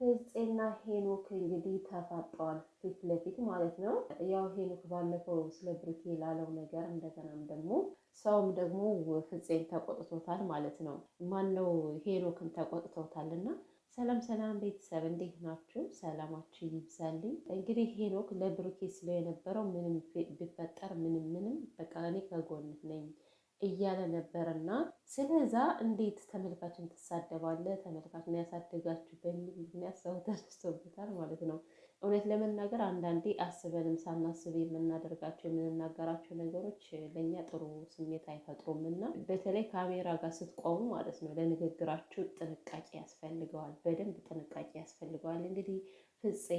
ፍፄና ሄኖክ እንግዲህ ተፋጠዋል፣ ፊት ለፊት ማለት ነው። ያው ሄኖክ ባለፈው ስለ ብሩኬ ላለው ነገር እንደገናም ደግሞ ሰውም ደግሞ ፍፄን ተቆጥቶታል ማለት ነው። ነው ሄኖክን ተቆጥቶታል እና ሰላም ሰላም ቤተሰብ እንዴት ናችሁ? ሰላማችሁ ይብዛልኝ። እንግዲህ ሄኖክ ለብሩኬ ስለው የነበረው ምንም ቢፈጠር ምንም ምንም በቃ እኔ ከጎንህ ነኝ እያለ ነበር እና ስለዛ እንዴት ተመልካችን ትሳደባለ ተመልካች ነው ያሳደጋችሁ በሚል ምክንያት ሰው ተነስቶበታል ማለት ነው። እውነት ለመናገር አንዳንዴ አስበንም ሳናስብ የምናደርጋቸው የምንናገራቸው ነገሮች ለእኛ ጥሩ ስሜት አይፈጥሩም እና በተለይ ካሜራ ጋር ስትቆሙ ማለት ነው ለንግግራችሁ ጥንቃቄ ያስፈልገዋል፣ በደንብ ጥንቃቄ ያስፈልገዋል። እንግዲህ ፍፄ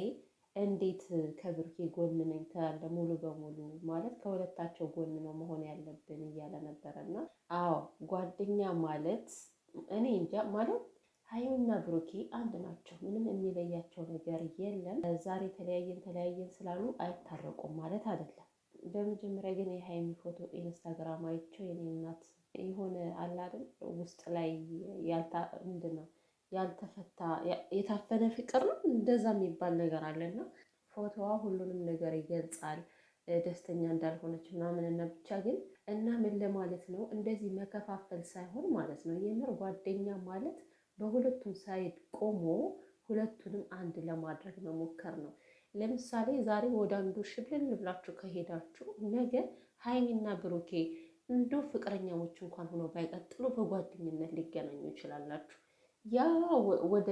እንዴት ከብሩኬ ጎን ነኝ ትላለ? ሙሉ በሙሉ ማለት ከሁለታቸው ጎን ነው መሆን ያለብን እያለ ነበረ። እና አዎ ጓደኛ ማለት እኔ እንጃ ማለት ሀይሚና ብሩኬ አንድ ናቸው። ምንም የሚለያቸው ነገር የለም። ዛሬ ተለያየን ተለያየን ስላሉ አይታረቁም ማለት አይደለም። በመጀመሪያ ግን የሀይሚ ፎቶ ኢንስታግራም አይቼው የኔ እናት የሆነ አላደም ውስጥ ላይ ያልታ ምንድን ነው ያልተፈታ የታፈነ ፍቅር ነው እንደዛ የሚባል ነገር አለና ፎቶዋ ሁሉንም ነገር ይገልጻል። ደስተኛ እንዳልሆነች ምናምን እና ብቻ ግን እና ምን ለማለት ነው እንደዚህ መከፋፈል ሳይሆን ማለት ነው የምር ጓደኛ ማለት በሁለቱም ሳይድ ቆሞ ሁለቱንም አንድ ለማድረግ መሞከር ነው። ለምሳሌ ዛሬ ወደ አንዱ ሽብልን ብላችሁ ከሄዳችሁ ነገ ሀይሚና ብሩኬ እንዶ ፍቅረኛሞች እንኳን ሆኖ ባይቀጥሉ በጓደኝነት ሊገናኙ ይችላላችሁ። ያ ወደ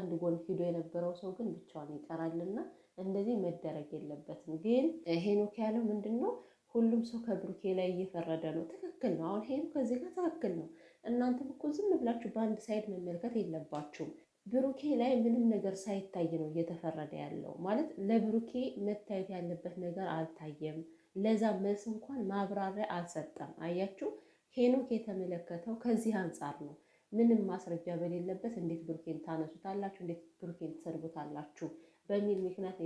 አንድ ጎን ሂዶ የነበረው ሰው ግን ብቻዋን ይቀራልና እንደዚህ መደረግ የለበትም። ግን ሄኖክ ያለው ምንድን ነው? ሁሉም ሰው ከብሩኬ ላይ እየፈረደ ነው። ትክክል ነው። አሁን ሄኖክ ከዚህ ጋር ትክክል ነው። እናንተም እኮ ዝም ብላችሁ በአንድ ሳይድ መመልከት የለባችሁም። ብሩኬ ላይ ምንም ነገር ሳይታይ ነው እየተፈረደ ያለው። ማለት ለብሩኬ መታየት ያለበት ነገር አልታየም። ለዛ መልስ እንኳን ማብራሪያ አልሰጠም። አያችሁ፣ ሄኖክ የተመለከተው ከዚህ አንጻር ነው። ምንም ማስረጃ በሌለበት እንዴት ብሩኬን ታነሱታላችሁ? እንዴት ብሩኬን ትሰድቡታላችሁ? በሚል ምክንያት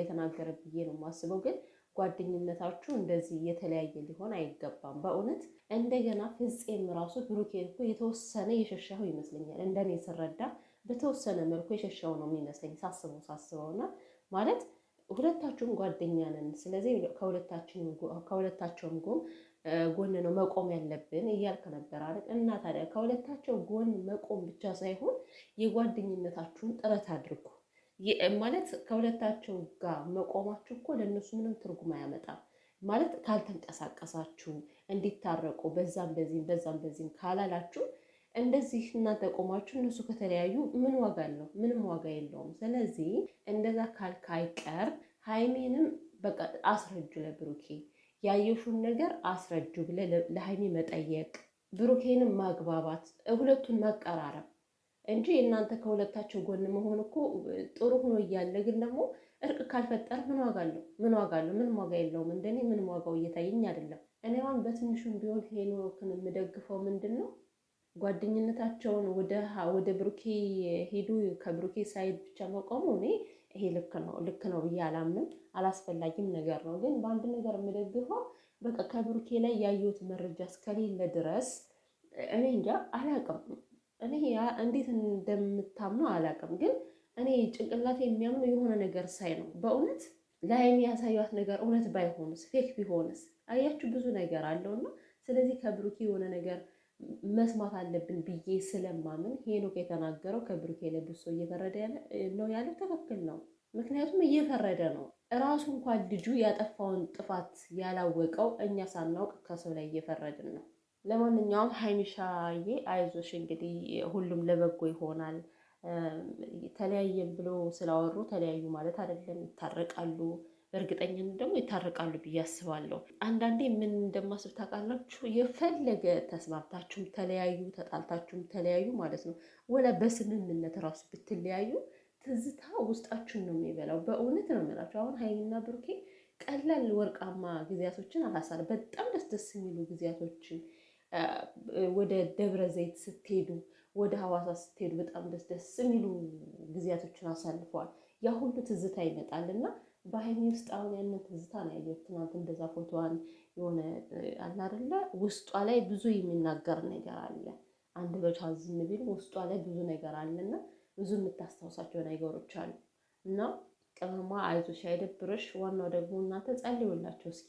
የተናገረ ብዬ ነው የማስበው። ግን ጓደኝነታችሁ እንደዚህ የተለያየ ሊሆን አይገባም። በእውነት እንደገና ፍጼም ራሱ ብሩኬን እኮ የተወሰነ የሸሻው ይመስለኛል። እንደኔ ስረዳ በተወሰነ መልኩ የሸሻው ነው የሚመስለኝ ሳስበው ሳስበውና ማለት ሁለታችሁም ጓደኛ ነን። ስለዚህ ከሁለታቸውም ጎን ነው መቆም ያለብን እያልክ ነበር አይደል? እና ታዲያ ከሁለታቸው ጎን መቆም ብቻ ሳይሆን የጓደኝነታችሁን ጥረት አድርጉ። ማለት ከሁለታቸው ጋር መቆማችሁ እኮ ለእነሱ ምንም ትርጉም አያመጣም። ማለት ካልተንቀሳቀሳችሁ እንዲታረቁ በዛም በዚህም በዛም በዚህም ካላላችሁ እንደዚህ እናንተ ቆማችሁ እነሱ ከተለያዩ ምን ዋጋ አለው? ምንም ዋጋ የለውም። ስለዚህ እንደዛ ካልክ አይቀር ሀይሜንም በቃ አስረጁ ለብሩኬ ያየሹን ነገር አስረጁ ብለ ለሀይሜ መጠየቅ ብሩኬንም ማግባባት ሁለቱን ማቀራረብ እንጂ እናንተ ከሁለታቸው ጎን መሆን እኮ ጥሩ ሆኖ እያለ ግን ደግሞ እርቅ ካልፈጠር ምን ዋጋ አለው? ምን ዋጋ አለው? ምንም ዋጋ የለውም። እንደኔ ምንም ዋጋው እየታየኝ አይደለም። እኔ አሁን በትንሹም ቢሆን ሄኖክን የምደግፈው ምንድን ነው ጓደኝነታቸውን ወደ ወደ ብሩኬ ሄዱ ከብሩኬ ሳይድ ብቻ መቆሙ እኔ ይሄ ልክ ነው ልክ ነው ብዬ አላምንም። አላስፈላጊም ነገር ነው። ግን በአንድ ነገር የምደግፈው በቃ ከብሩኬ ላይ ያየሁት መረጃ እስከሌለ ድረስ እኔ እንጃ አላቅም። እኔ እንዴት እንደምታምነው አላቅም። ግን እኔ ጭንቅላት የሚያምነው የሆነ ነገር ሳይ ነው። በእውነት ላይም የሚያሳዩት ነገር እውነት ባይሆንስ ፌክ ቢሆንስ? አያችሁ ብዙ ነገር አለውና ስለዚህ ከብሩኬ የሆነ ነገር መስማት አለብን ብዬ ስለማምን ሄኖክ የተናገረው ከብሩኬ ለብሶ እየፈረደ ነው ያለው ትክክል ነው። ምክንያቱም እየፈረደ ነው እራሱ እንኳን ልጁ ያጠፋውን ጥፋት ያላወቀው እኛ ሳናውቅ ከሰው ላይ እየፈረድን ነው። ለማንኛውም ሀይሚሻዬ አይዞሽ፣ እንግዲህ ሁሉም ለበጎ ይሆናል። ተለያየን ብሎ ስላወሩ ተለያዩ ማለት አይደለም፣ ይታረቃሉ። በእርግጠኝነት ደግሞ ይታረቃሉ ብዬ አስባለሁ። አንዳንዴ ምን እንደማስብ ታውቃላችሁ? የፈለገ ተስማምታችሁም ተለያዩ፣ ተጣልታችሁም ተለያዩ ማለት ነው። ወላ በስምምነት ራሱ ብትለያዩ ትዝታ ውስጣችሁን ነው የሚበላው። በእውነት ነው የምላችሁ። አሁን ሀይሚና ብሩኬ ቀላል ወርቃማ ጊዜያቶችን አላሳለ በጣም ደስ ደስ የሚሉ ጊዜያቶችን ወደ ደብረ ዘይት ስትሄዱ፣ ወደ ሀዋሳ ስትሄዱ በጣም ደስ ደስ የሚሉ ጊዜያቶችን አሳልፈዋል። ያ ሁሉ ትዝታ ይመጣል እና በሀይሜ ውስጥ አሁን ያንን ትዝታ ነው ያየሁት። ትናንት እንደዛ ፎቶዋን የሆነ አለ አይደለ፣ ውስጧ ላይ ብዙ የሚናገር ነገር አለ። አንድ በቷ ዝም ቢል ውስጧ ላይ ብዙ ነገር አለና ብዙ የምታስታውሳቸው ነገሮች አሉ እና ቅመማ አይዞሽ፣ አይደብርሽ። ዋናው ደግሞ እናንተ ጸልዩላቸው እስኪ